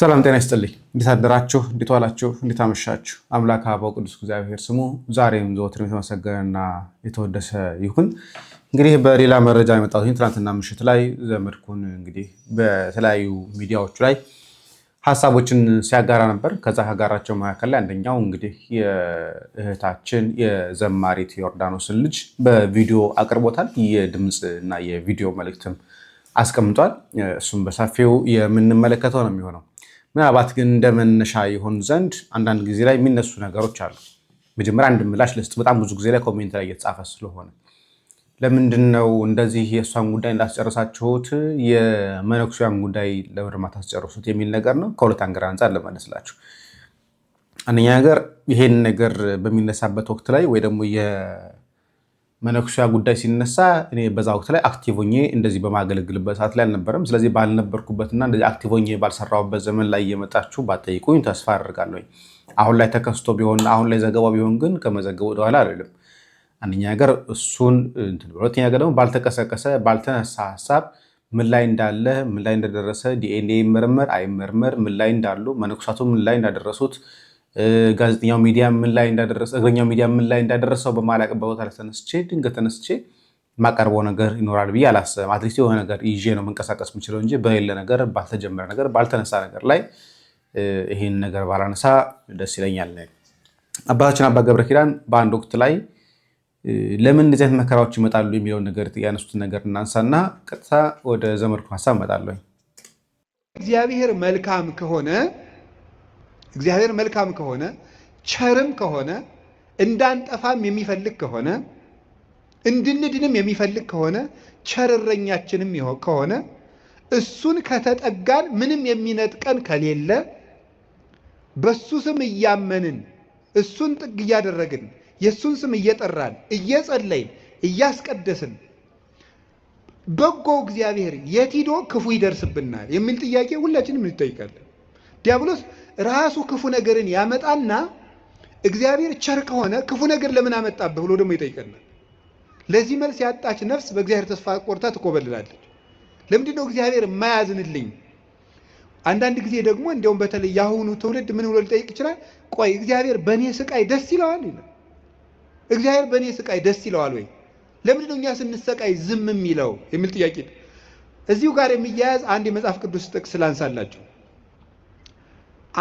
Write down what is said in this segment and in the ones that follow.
ሰላም ጤና ይስጥልኝ። እንዴት አደራችሁ? እንዴት ዋላችሁ? እንዴት አመሻችሁ? አምላክ አበው ቅዱስ እግዚአብሔር ስሙ ዛሬም ዘወትር የተመሰገነና የተወደሰ ይሁን። እንግዲህ በሌላ መረጃ የመጣሁት ትናንትና ምሽት ላይ ዘመድኩን እንግዲህ በተለያዩ ሚዲያዎቹ ላይ ሀሳቦችን ሲያጋራ ነበር። ከዛ ከጋራቸው መካከል ላይ አንደኛው እንግዲህ የእህታችን የዘማሪት ዮርዳኖስን ልጅ በቪዲዮ አቅርቦታል። የድምፅ እና የቪዲዮ መልእክትም አስቀምጧል። እሱም በሰፊው የምንመለከተው ነው የሚሆነው ምናልባት ግን እንደመነሻ ይሆን ዘንድ አንዳንድ ጊዜ ላይ የሚነሱ ነገሮች አሉ። መጀመሪያ አንድ ምላሽ ልስጥ። በጣም ብዙ ጊዜ ላይ ኮሜንት ላይ እየተጻፈ ስለሆነ ለምንድን ነው እንደዚህ የእሷን ጉዳይ እንዳስጨረሳችሁት የመነኩሲያን ጉዳይ ለምርማት አስጨርሱት የሚል ነገር ነው። ከሁለት አንገር አንጻር ለመለስላችሁ አንደኛ ነገር ይሄን ነገር በሚነሳበት ወቅት ላይ ወይ ደግሞ መነኩሴ ጉዳይ ሲነሳ እኔ በዛ ወቅት ላይ አክቲቭ ሆኜ እንደዚህ በማገለግልበት ሰዓት ላይ አልነበረም። ስለዚህ ባልነበርኩበትና እንደዚህ አክቲቭ ሆኜ ባልሰራሁበት ዘመን ላይ እየመጣችሁ ባጠይቁኝ ተስፋ አድርጋለሁ። አሁን ላይ ተከስቶ ቢሆን አሁን ላይ ዘገባ ቢሆን ግን ከመዘገቡ ወደኋላ አይደለም። አንደኛ ነገር እሱን እንትን ብሎ፣ ሁለተኛ ነገር ደግሞ ባልተቀሰቀሰ ባልተነሳ ሀሳብ ምን ላይ እንዳለ ምን ላይ እንደደረሰ ዲኤንኤ ይመርመር አይመርመር፣ ምን ላይ እንዳሉ መነኩሳቱ ምን ላይ እንዳደረሱት ጋዜጠኛው ሚዲያ ምን ላይ እንዳደረሰ እግረኛው ሚዲያ ምን ላይ እንዳደረሰው በማላቅበት ቦታ ተነስቼ ድንገት ተነስቼ የማቀርበው ነገር ይኖራል ብዬ አላስብም። አትሊስት የሆነ ነገር ይዤ ነው መንቀሳቀስ የምችለው እንጂ በሌለ ነገር፣ ባልተጀመረ ነገር፣ ባልተነሳ ነገር ላይ ይህን ነገር ባላነሳ ደስ ይለኛል። አባታችን አባ ገብረ ኪዳን በአንድ ወቅት ላይ ለምን እንደዚህ አይነት መከራዎች ይመጣሉ የሚለውን ነገር ያነሱትን ነገር እናንሳና ቀጥታ ወደ ዘመድኩ ሀሳብ እመጣለሁ። እግዚአብሔር መልካም ከሆነ እግዚአብሔር መልካም ከሆነ ቸርም ከሆነ እንዳንጠፋም የሚፈልግ ከሆነ እንድንድንም የሚፈልግ ከሆነ ቸርረኛችንም ከሆነ እሱን ከተጠጋን ምንም የሚነጥቀን ከሌለ በሱ ስም እያመንን እሱን ጥግ እያደረግን የእሱን ስም እየጠራን እየጸለይን እያስቀደስን በጎ እግዚአብሔር የት ሂዶ ክፉ ይደርስብናል የሚል ጥያቄ ሁላችንም እንጠይቃለን። ዲያብሎስ ራሱ ክፉ ነገርን ያመጣና እግዚአብሔር ቸር ከሆነ ክፉ ነገር ለምን አመጣብህ ብሎ ደግሞ ይጠይቀናል። ለዚህ መልስ ያጣች ነፍስ በእግዚአብሔር ተስፋ ቆርታ ትኮበልላለች። ለምንድን ነው እግዚአብሔር የማያዝንልኝ? አንዳንድ ጊዜ ደግሞ እንዲያውም በተለይ የአሁኑ ትውልድ ምን ብሎ ሊጠይቅ ይችላል? ቆይ እግዚአብሔር በእኔ ስቃይ ደስ ይለዋል ይላል። እግዚአብሔር በእኔ ስቃይ ደስ ይለዋል ወይ? ለምንድን ነው እኛ ስንሰቃይ ዝም የሚለው የሚል ጥያቄ እዚሁ ጋር የሚያያዝ አንድ የመጽሐፍ ቅዱስ ጥቅስ ላንሳላችሁ።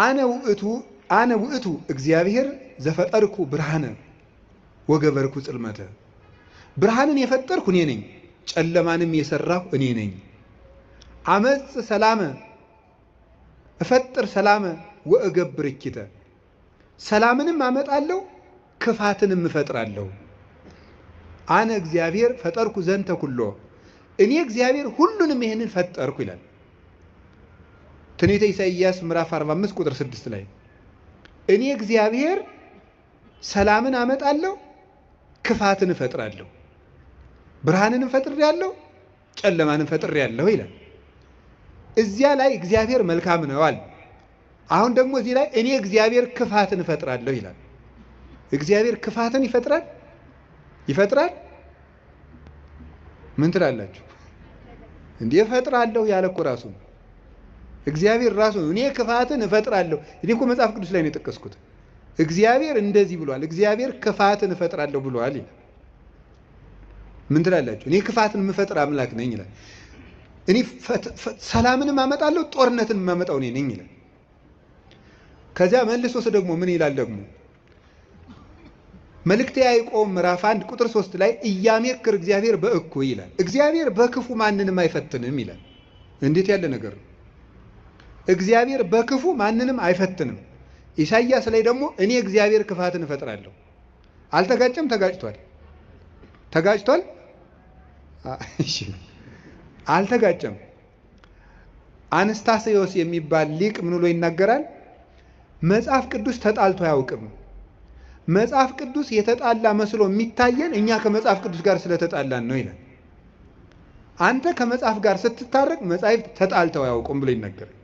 አነ ውእቱ እግዚአብሔር ዘፈጠርኩ ብርሃነ ወገበርኩ ጽልመተ ብርሃንን የፈጠርኩ እኔ ነኝ፣ ጨለማንም የሰራሁ እኔ ነኝ። አመጽ ሰላመ እፈጥር ሰላመ ወእገብር እኪተ ሰላምንም አመጣለሁ ክፋትንም እፈጥራለሁ። አነ እግዚአብሔር ፈጠርኩ ዘንተ ኩሎ እኔ እግዚአብሔር ሁሉንም ይህንን ፈጠርኩ ይላል። ትንቢተ ኢሳይያስ ምዕራፍ 45 ቁጥር 6 ላይ እኔ እግዚአብሔር ሰላምን አመጣለሁ፣ ክፋትን እፈጥራለሁ፣ ብርሃንንም ፈጥሬያለሁ፣ ጨለማንም ፈጥሬያለሁ ይላል። እዚያ ላይ እግዚአብሔር መልካም አለ። አሁን ደግሞ እዚህ ላይ እኔ እግዚአብሔር ክፋትን እፈጥራለሁ ይላል። እግዚአብሔር ክፋትን ይፈጥራል ይፈጥራል። ምን ትላላችሁ እንዴ? እፈጥራለሁ ያለ እኮ ራሱ እግዚአብሔር ራሱ ነው እኔ ክፋትን እፈጥራለሁ። እኔ እኮ መጽሐፍ ቅዱስ ላይ ነው የጠቀስኩት። እግዚአብሔር እንደዚህ ብሏል። እግዚአብሔር ክፋትን እፈጥራለሁ ብሏል ይላል። ምን ትላላችሁ? እኔ ክፋትን የምፈጥር አምላክ ነኝ ይላል። እኔ ሰላምን ማመጣለሁ ጦርነትን የማመጣው እኔ ነኝ ይላል። ከዚያ መልሶስ ደግሞ ምን ይላል ደግሞ መልእክተ ያዕቆብ ምዕራፍ አንድ ቁጥር ሶስት ላይ እያሜክር እግዚአብሔር በእኩ ይላል። እግዚአብሔር በክፉ ማንንም አይፈትንም ይላል። እንዴት ያለ ነገር ነው! እግዚአብሔር በክፉ ማንንም አይፈትንም። ኢሳይያስ ላይ ደግሞ እኔ እግዚአብሔር ክፋትን እፈጥራለሁ። አልተጋጨም? ተጋጭቷል። ተጋጭቷል። አልተጋጨም። አንስታሴዎስ የሚባል ሊቅ ምን ብሎ ይናገራል? መጽሐፍ ቅዱስ ተጣልቶ አያውቅም። መጽሐፍ ቅዱስ የተጣላ መስሎ የሚታየን እኛ ከመጽሐፍ ቅዱስ ጋር ስለተጣላን ነው ይላል። አንተ ከመጽሐፍ ጋር ስትታረቅ መጻሕፍት ተጣልተው አያውቁም ብሎ ይነገራል።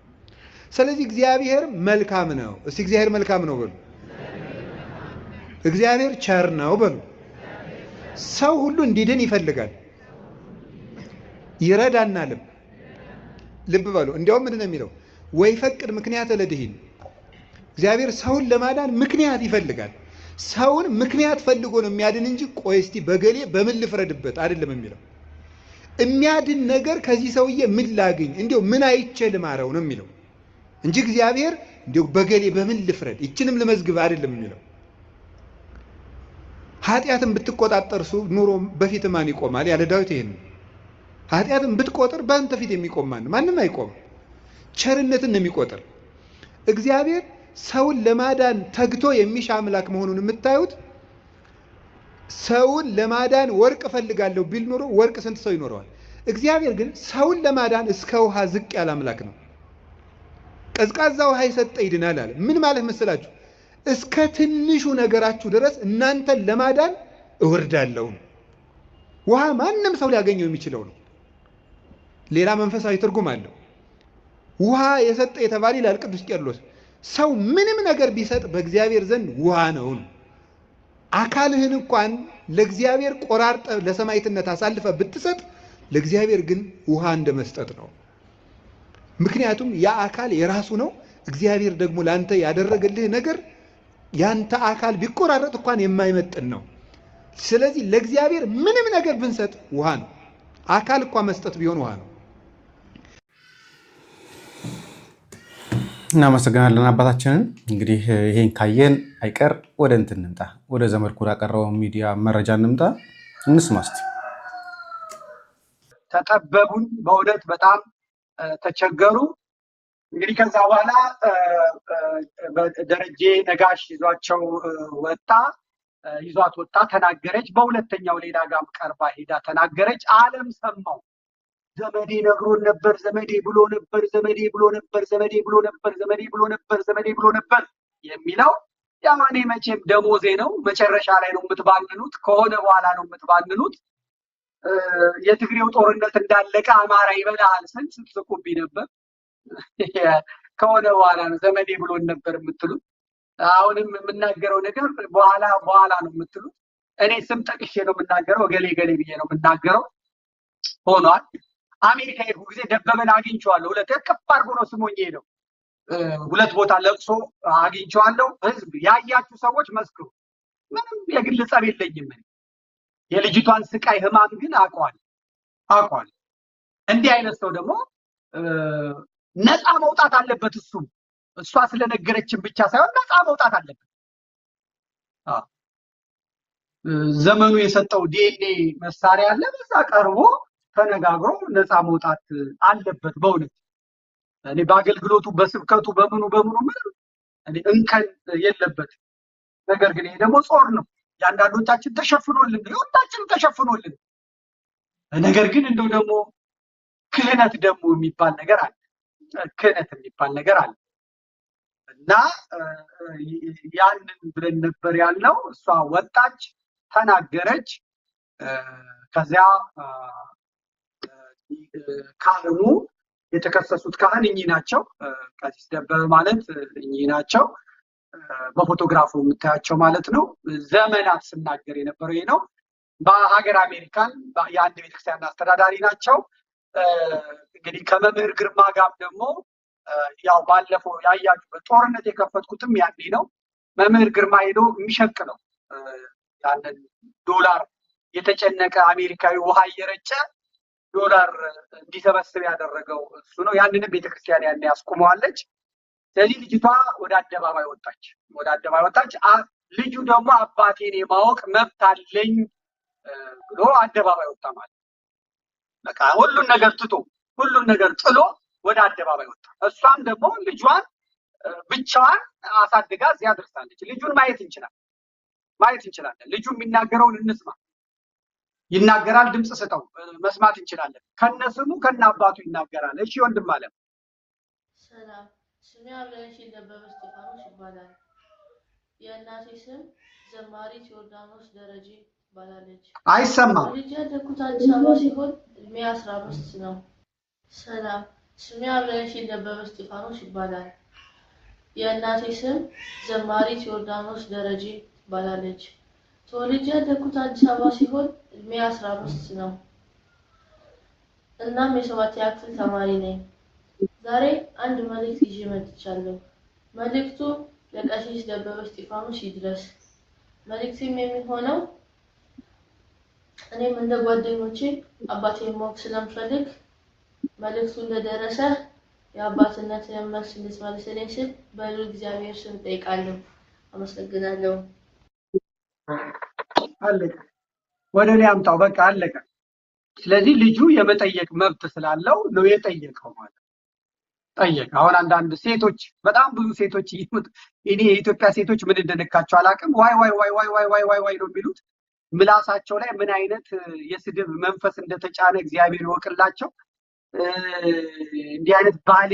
ስለዚህ እግዚአብሔር መልካም ነው። እስቲ እግዚአብሔር መልካም ነው በሉ። እግዚአብሔር ቸር ነው በሉ። ሰው ሁሉ እንዲድን ይፈልጋል፣ ይረዳናልም። ልብ በሉ። እንዲያውም ምንድን ነው የሚለው? ወይ ፈቅድ ምክንያት ለድህን እግዚአብሔር ሰውን ለማዳን ምክንያት ይፈልጋል። ሰውን ምክንያት ፈልጎ ነው የሚያድን እንጂ ቆይ እስቲ በገሌ በምን ልፍረድበት አይደለም የሚለው የሚያድን ነገር ከዚህ ሰውዬ ምን ላግኝ፣ እንዲያው ምን አይቼ ልማረው ነው የሚለው እንጂ እግዚአብሔር እንዲሁ በገሌ በምን ልፍረድ ይችንም ልመዝግብ አይደለም የሚለው። ኃጢአትን ብትቆጣጠር እሱ ኑሮ በፊት ማን ይቆማል? ያለ ዳዊት ይሄን ኃጢአትን ብትቆጥር በአንተ ፊት የሚቆም ማን? ማንም አይቆም። ቸርነትን ነው የሚቆጥር እግዚአብሔር። ሰውን ለማዳን ተግቶ የሚሻ አምላክ መሆኑን የምታዩት ሰውን ለማዳን ወርቅ እፈልጋለሁ ቢል ኖሮ ወርቅ ስንት ሰው ይኖረዋል? እግዚአብሔር ግን ሰውን ለማዳን እስከ ውሃ ዝቅ ያለ አምላክ ነው። ቀዝቃዛ ውሃ የሰጠ ይድናል አለ። ምን ማለት መሰላችሁ? እስከ ትንሹ ነገራችሁ ድረስ እናንተን ለማዳን እወርዳለሁ። ውሃ ማንም ሰው ሊያገኘው የሚችለው ነው። ሌላ መንፈሳዊ ትርጉም አለው። ውሃ የሰጠ የተባለ ይላል ቅዱስ ቄርሎስ፣ ሰው ምንም ነገር ቢሰጥ በእግዚአብሔር ዘንድ ውሃ ነው። አካልህን እንኳን ለእግዚአብሔር ቆራርጠ ለሰማይትነት አሳልፈ ብትሰጥ ለእግዚአብሔር ግን ውሃ እንደ መስጠት ነው። ምክንያቱም ያ አካል የራሱ ነው። እግዚአብሔር ደግሞ ለአንተ ያደረገልህ ነገር ያንተ አካል ቢቆራረጥ እንኳን የማይመጥን ነው። ስለዚህ ለእግዚአብሔር ምንም ነገር ብንሰጥ ውሃ ነው። አካል እንኳ መስጠት ቢሆን ውሃ ነው። እናመሰግናለን አባታችንን። እንግዲህ ይሄን ካየን አይቀር ወደ እንትን እንምጣ፣ ወደ ዘመድኩ ላቀረበው ሚዲያ መረጃ እንምጣ፣ እንስማስት ተጠበቡን። በእውነት በጣም ተቸገሩ። እንግዲህ ከዛ በኋላ ደረጀ ነጋሽ ይዟቸው ወጣ ይዟት ወጣ ተናገረች። በሁለተኛው ሌላ ጋም ቀርባ ሄዳ ተናገረች። ዓለም ሰማው። ዘመዴ ነግሮን ነበር፣ ዘመዴ ብሎ ነበር፣ ዘመዴ ብሎ ነበር፣ ዘመዴ ብሎ ነበር፣ ዘመዴ ብሎ ነበር፣ ዘመዴ ብሎ ነበር የሚለው ያው እኔ መቼም ደሞዜ ነው። መጨረሻ ላይ ነው የምትባንኑት፣ ከሆነ በኋላ ነው የምትባንኑት። የትግሬው ጦርነት እንዳለቀ አማራ ይበላል ስል ስትስቁብኝ ነበር። ከሆነ በኋላ ነው ዘመዴ ብሎን ነበር የምትሉት። አሁንም የምናገረው ነገር በኋላ በኋላ ነው የምትሉት። እኔ ስም ጠቅሼ ነው የምናገረው፣ ገሌ ገሌ ብዬ ነው የምናገረው። ሆኗል። አሜሪካ የሄድኩ ጊዜ ደበበን አግኝቼዋለሁ። ሁለት ከባድ ሆኖ ነው ስሞኝ ነው ሁለት ቦታ ለቅሶ አግኝቼዋለሁ። ህዝብ ያያችሁ ሰዎች መስክሩ። ምንም የግል ጸብ የለኝም እኔ የልጅቷን ስቃይ ህማም ግን አቋል አቋል። እንዲህ አይነት ሰው ደግሞ ነፃ መውጣት አለበት። እሱ እሷ ስለነገረችን ብቻ ሳይሆን ነፃ መውጣት አለበት። ዘመኑ የሰጠው ዲኤንኤ መሳሪያ አለ። በዛ ቀርቦ ተነጋግሮ ነፃ መውጣት አለበት። በእውነት እኔ በአገልግሎቱ በስብከቱ በምኑ በምኑ ምንም እንከን የለበት። ነገር ግን ይሄ ደግሞ ጾር ነው። የአንዳንዶቻችን ተሸፍኖልን የሁላችን ተሸፍኖልን፣ ነገር ግን እንደው ደግሞ ክህነት ደግሞ የሚባል ነገር አለ። ክህነት የሚባል ነገር አለ እና ያንን ብለን ነበር ያልነው። እሷ ወጣች፣ ተናገረች። ከዚያ ካህኑ የተከሰሱት ካህን እኚህ ናቸው። ቀሲስ ደበበ ማለት እኚህ ናቸው። በፎቶግራፉ የምታያቸው ማለት ነው። ዘመናት ስናገር የነበረው ይሄ ነው። በሀገር አሜሪካን የአንድ ቤተክርስቲያን አስተዳዳሪ ናቸው። እንግዲህ ከመምህር ግርማ ጋር ደግሞ ያው ባለፈው ያያችሁበት በጦርነት የከፈትኩትም ያኔ ነው። መምህር ግርማ ሄዶ የሚሸቅ ነው ያንን ዶላር የተጨነቀ አሜሪካዊ ውሃ እየረጨ ዶላር እንዲሰበስብ ያደረገው እሱ ነው። ያንንም ቤተክርስቲያን ያኔ ያስቁመዋለች። ስለዚህ ልጅቷ ወደ አደባባይ ወጣች፣ ወደ አደባባይ ወጣች። ልጁ ደግሞ አባቴን የማወቅ መብት አለኝ ብሎ አደባባይ ወጣ ማለት በቃ ሁሉን ነገር ትቶ ሁሉን ነገር ጥሎ ወደ አደባባይ ወጣ። እሷም ደግሞ ልጇን ብቻዋን አሳድጋ እዚያ ደርሳለች። ልጁን ማየት እንችላለን፣ ማየት እንችላለን። ልጁ የሚናገረውን እንስማ። ይናገራል፣ ድምፅ ስጠው፣ መስማት እንችላለን። ከነስሙ ከነ አባቱ ይናገራል። እሺ ወንድም አለም ስሜ አለንሽ ደበበ እስጢፋኖስ ይባላል። የእናቴ ስም ዘማሪት ዮርዳኖስ ደረጀ ትባላለች። አይሰማም። ልጅ ያደኩት አዲስ አበባ ሲሆን እድሜ አስራ አምስት ነው። ሰላም፣ ስሜ አለንሽ ደበበ እስጢፋኖስ ይባላል። የእናቴ ስም ዘማሪት ዮርዳኖስ ደረጀ ትባላለች። ተወልጄ ያደኩት አዲስ አበባ ሲሆን እድሜ አስራ አምስት ነው። እናም የሰባት ክፍል ተማሪ ነኝ። ዛሬ አንድ መልእክት ይዤ መጥቻለሁ። መልእክቱ ለቀሲስ ደበበ እስጢፋኖስ ይድረስ። መልእክቱም የሚሆነው እኔም እንደ ጓደኞቼ አባቴን ማወቅ ስለምፈልግ መልእክቱ እንደደረሰ የአባትነትህን መልስ እንድትመልስልኝ ስል በሉ እግዚአብሔር ስም እጠይቃለሁ። አመሰግናለሁ። አለቀ። ወደ እኔ አምጣው። በቃ አለቀ። ስለዚህ ልጁ የመጠየቅ መብት ስላለው ነው የጠየቀው ማለት ጠየቀ። አሁን አንዳንድ ሴቶች በጣም ብዙ ሴቶች እኔ የኢትዮጵያ ሴቶች ምን እንደነካቸው አላውቅም። ዋይ ዋይ ዋይ ዋይ ዋይ ዋይ ዋይ ዋይ ነው የሚሉት። ምላሳቸው ላይ ምን አይነት የስድብ መንፈስ እንደተጫነ እግዚአብሔር ይወቅላቸው። እንዲህ አይነት ባሌ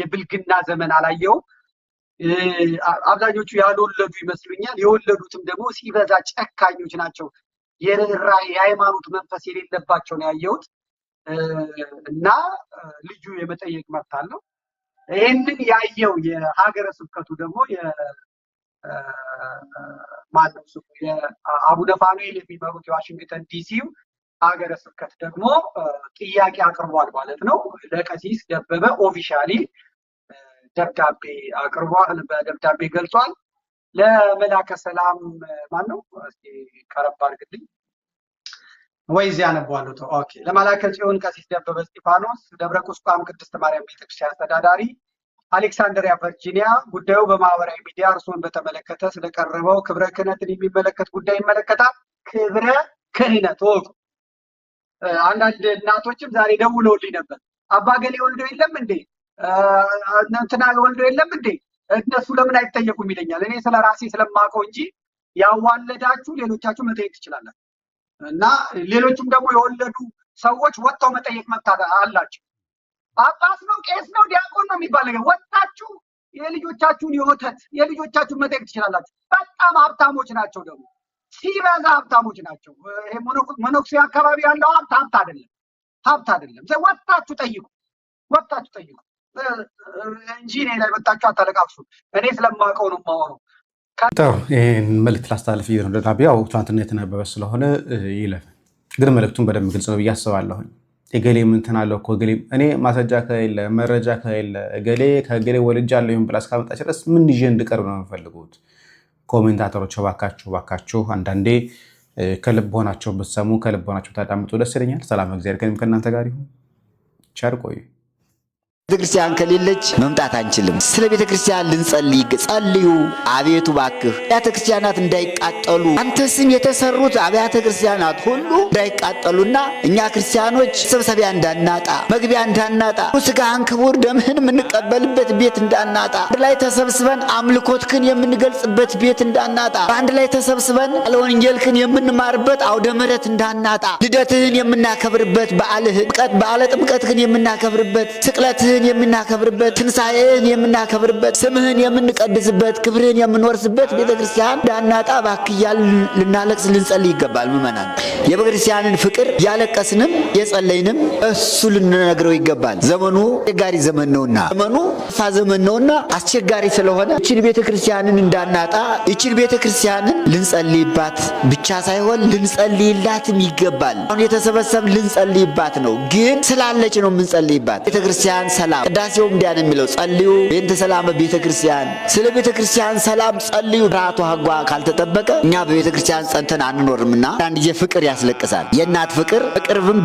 የብልግና ዘመን አላየውም። አብዛኞቹ ያልወለዱ ይመስሉኛል። የወለዱትም ደግሞ ሲበዛ ጨካኞች ናቸው። የርኅራ የሃይማኖት መንፈስ የሌለባቸው ነው ያየሁት። እና ልጁ የመጠየቅ መብት አለው። ይህንን ያየው የሀገረ ስብከቱ ደግሞ ማነው ስሙ የአቡነ ፋኑኤል የሚመሩት የዋሽንግተን ዲሲው ሀገረ ስብከት ደግሞ ጥያቄ አቅርቧል ማለት ነው። ለቀሲስ ደበበ ኦፊሻሊ ደብዳቤ አቅርቧል፣ በደብዳቤ ገልጿል። ለመላከ ሰላም ማን ነው? ቀረብ አድርግልኝ ወይዝ ያነቧለሁ ተው ኦኬ። ለመላከ ጽዮን ቀሲስ ደበበ እስጢፋኖስ ደብረ ቁስቋም ቅድስት ማርያም ቤተክርስቲያን አስተዳዳሪ አሌክሳንድሪያ ቨርጂኒያ። ጉዳዩ በማህበራዊ ሚዲያ እርስዎን በተመለከተ ስለቀረበው ክብረ ክህነትን የሚመለከት ጉዳይ ይመለከታል። ክብረ ክህነት ወቁ። አንዳንድ እናቶችም ዛሬ ደውለውልኝ ነበር። አባገሌ ወልዶ የለም እንዴ እንትና ወልዶ የለም እንዴ እነሱ ለምን አይጠየቁም ይለኛል። እኔ ስለ ራሴ ስለማውቀው እንጂ ያዋለዳችሁ ሌሎቻችሁ መጠየቅ ትችላለን። እና ሌሎችም ደግሞ የወለዱ ሰዎች ወጥተው መጠየቅ መብት አላቸው። ጳጳስ ነው ቄስ ነው ዲያቆን ነው የሚባል ነገር ወጥታችሁ የልጆቻችሁን የወተት የልጆቻችሁን መጠየቅ ትችላላችሁ። በጣም ሀብታሞች ናቸው ደግሞ ሲበዛ ሀብታሞች ናቸው። ይሄ መነኩሴ አካባቢ ያለው ሀብት ሀብት አይደለም፣ ሀብት አይደለም። ወጣችሁ ጠይቁ፣ ወጣችሁ ጠይቁ እንጂ እኔ ላይ ወጣችሁ አታለቃቅሱ። እኔ ስለማውቀው ነው የማወራው። ይህን መልዕክት ላስተላልፍ እየተነደዳቢ ያው ትናንትና የተነበበ ስለሆነ ይለፍ ግን መልዕክቱን በደንብ ግልጽ ነው ብዬ አስባለሁኝ። እገሌ ምንትን አለው እኮ እገሌ እኔ ማስረጃ ከሌለ መረጃ ከሌለ እገሌ ከእገሌ ወልጅ አለሁኝ ብላ እስካመጣች ድረስ ምን ይዤ እንድቀርብ ነው የምፈልጉት? ኮሜንታተሮች ባካችሁ ባካችሁ፣ አንዳንዴ ከልብ ሆናቸው ብትሰሙ ከልብ ሆናቸው ታዳምጡ ደስ ይለኛል። ሰላም፣ እግዚአብሔር ከእናንተ ጋር ይሁን። ቸር ቆዩ። ቤተክርስቲያን ከሌለች መምጣት አንችልም። ስለ ቤተ ክርስቲያን ልንጸልይ ጸልዩ። አቤቱ ባክህ አብያተ ክርስቲያናት እንዳይቃጠሉ አንተ ስም የተሰሩት አብያተ ክርስቲያናት ሁሉ እንዳይቃጠሉና እኛ ክርስቲያኖች ሰብሰቢያ እንዳናጣ፣ መግቢያ እንዳናጣ፣ ስጋህን ክቡር ደምህን የምንቀበልበት ቤት እንዳናጣ፣ አንድ ላይ ተሰብስበን አምልኮትክን የምንገልጽበት ቤት እንዳናጣ፣ በአንድ ላይ ተሰብስበን አለወንጀልክን የምንማርበት አውደ ምሕረት እንዳናጣ፣ ልደትህን የምናከብርበት ጥምቀት በዓለ ጥምቀትክን የምናከብርበት ስቅለትህ ቃልህን የምናከብርበት፣ ትንሣኤን የምናከብርበት፣ ስምህን የምንቀድስበት፣ ክብርህን የምንወርስበት ቤተ ክርስቲያን ዳናጣ ባክያል ልናለቅስ ልንጸልይ ይገባል። ምእመናን የቤተ ክርስቲያንን ፍቅር ያለቀስንም የጸለይንም እሱ ልንነግረው ይገባል። ዘመኑ አስቸጋሪ ዘመን ነውና ዘመኑ ፋ ዘመን ነውና አስቸጋሪ ስለሆነ ይችን ቤተ ክርስቲያንን እንዳናጣ ይችን ቤተ ክርስቲያንን ልንጸልይባት ብቻ ሳይሆን ልንጸልይላትም ይገባል። አሁን የተሰበሰብ ልንጸልይባት ነው፣ ግን ስላለች ነው የምንጸልይባት ቤተ ክርስቲያን ሰላም ቅዳሴው እንዲያ ነው የሚለው፣ ጸልዩ ቤንተ ሰላም ቤተ ክርስቲያን። ስለ ቤተ ክርስቲያን ሰላም ጸልዩ። ራቱ ሀጓ ካልተጠበቀ እኛ በቤተ ክርስቲያን ጸንተን አንኖርምና አንድ ጊዜ ፍቅር ያስለቅሳል። የእናት ፍቅር በቅርብም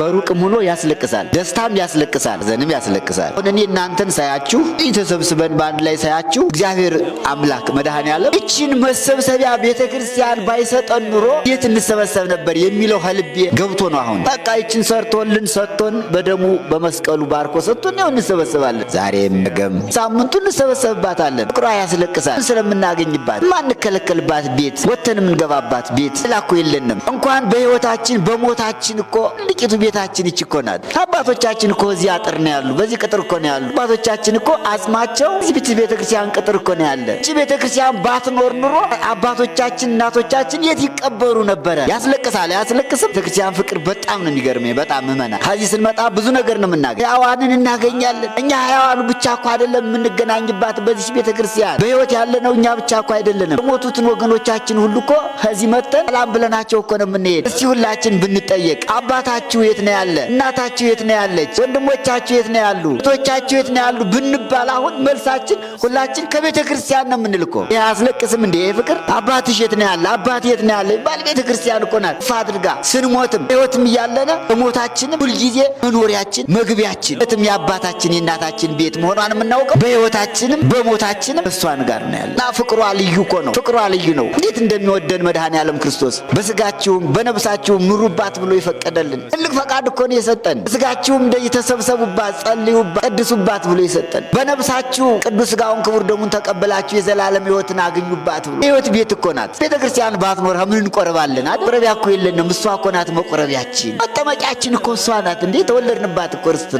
በሩቅም ሆኖ ያስለቅሳል። ደስታም ያስለቅሳል፣ ዘንም ያስለቅሳል። አሁን እኔ እናንተን ሳያችሁ ተሰብስበን በአንድ ላይ ሳያችሁ እግዚአብሔር አምላክ መድኃኔ ዓለም ይችን መሰብሰቢያ ቤተ ክርስቲያን ባይሰጠን ኑሮ የት እንሰበሰብ ነበር የሚለው ከልቤ ገብቶ ነው። አሁን በቃ ይችን ሰርቶልን ሰጥቶን በደሙ በመስቀሉ ባርኮ ሰጥቶን ነው እንሰበሰባለን። ዛሬም ነገም ሳምንቱ እንሰበሰብባታለን። ፍቅሯ ያስለቅሳል። ስለምናገኝባት የማንከለከልባት ቤት ወተን የምንገባባት ቤት ላኮ የለንም። እንኳን በህይወታችን በሞታችን እኮ ጥቂቱ ቤታችን ይች እኮ ናት። አባቶቻችን እኮ እዚህ አጥር ነው ያሉ፣ በዚህ ቅጥር እኮ ነው ያሉ። አባቶቻችን እኮ አጽማቸው እዚህ ቤተክርስቲያን ቅጥር እኮ ነው ያለ። እቺ ቤተክርስቲያን ባትኖር ኑሮ አባቶቻችን እናቶቻችን የት ይቀበሩ ነበረ? ያስለቅሳል። ያስለቅስም ቤተክርስቲያን ፍቅር በጣም ነው የሚገርመኝ። በጣም እመና ከዚህ ስንመጣ ብዙ ነገር ነው የምናገኝ። አዋንን እናገ እንገኛለን። እኛ ሕያዋኑ ብቻ እኳ አይደለም የምንገናኝባት በዚህ ቤተ ክርስቲያን በሕይወት ያለነው እኛ ብቻ እኳ አይደለንም። የሞቱትን ወገኖቻችን ሁሉ እኮ ከዚህ መጥተን ሰላም ብለናቸው እኮ ነው የምንሄድ። እስቲ ሁላችን ብንጠየቅ፣ አባታችሁ የት ነው ያለ? እናታችሁ የት ነው ያለች? ወንድሞቻችሁ የት ነው ያሉ? እህቶቻችሁ የት ነው ያሉ ብንባል አሁን መልሳችን ሁላችን ከቤተ ክርስቲያን ነው የምንልኮ። ይህ አያስለቅስም ይህ ፍቅር አባትሽ የት ነው ያለ? አባት የት ነው ያለ? ባል ቤተ ክርስቲያን እኮ ናት። ፋ አድርጋ ስንሞትም ሕይወትም እያለነ በሞታችንም ሁልጊዜ መኖሪያችን መግቢያችን የትም ያባ የአባታችን የእናታችን ቤት መሆኗን የምናውቀው በሕይወታችንም በሞታችንም እሷን ጋር ነው ያለ እና ፍቅሯ ልዩ እኮ ነው። ፍቅሯ ልዩ ነው። እንዴት እንደሚወደን መድኃኔ ዓለም ክርስቶስ በስጋችሁም በነብሳችሁም ኑሩባት ብሎ ይፈቀደልን ትልቅ ፈቃድ እኮ ነው የሰጠን። በስጋችሁም እንደ የተሰብሰቡባት ጸልዩባት፣ ቀድሱባት ብሎ የሰጠን በነብሳችሁ ቅዱስ ሥጋውን ክቡር ደሙን ተቀበላችሁ የዘላለም ሕይወትን አገኙባት ብሎ የሕይወት ቤት እኮ ናት ቤተ ክርስቲያን። ባትኖር ምን እንቆረባለን? መቆረቢያ እኮ የለንም። እሷ እኮ ናት መቆረቢያችን፣ መጠመቂያችን እኮ እሷ ናት። እንዴ ተወለድንባት እኮ ርስት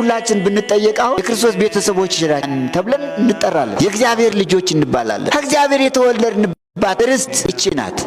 ሁላችን ብንጠየቅ አሁን የክርስቶስ ቤተሰቦች ተብለን እንጠራለን። የእግዚአብሔር ልጆች እንባላለን። ከእግዚአብሔር የተወለድንባት ርስት ይቺ ናት።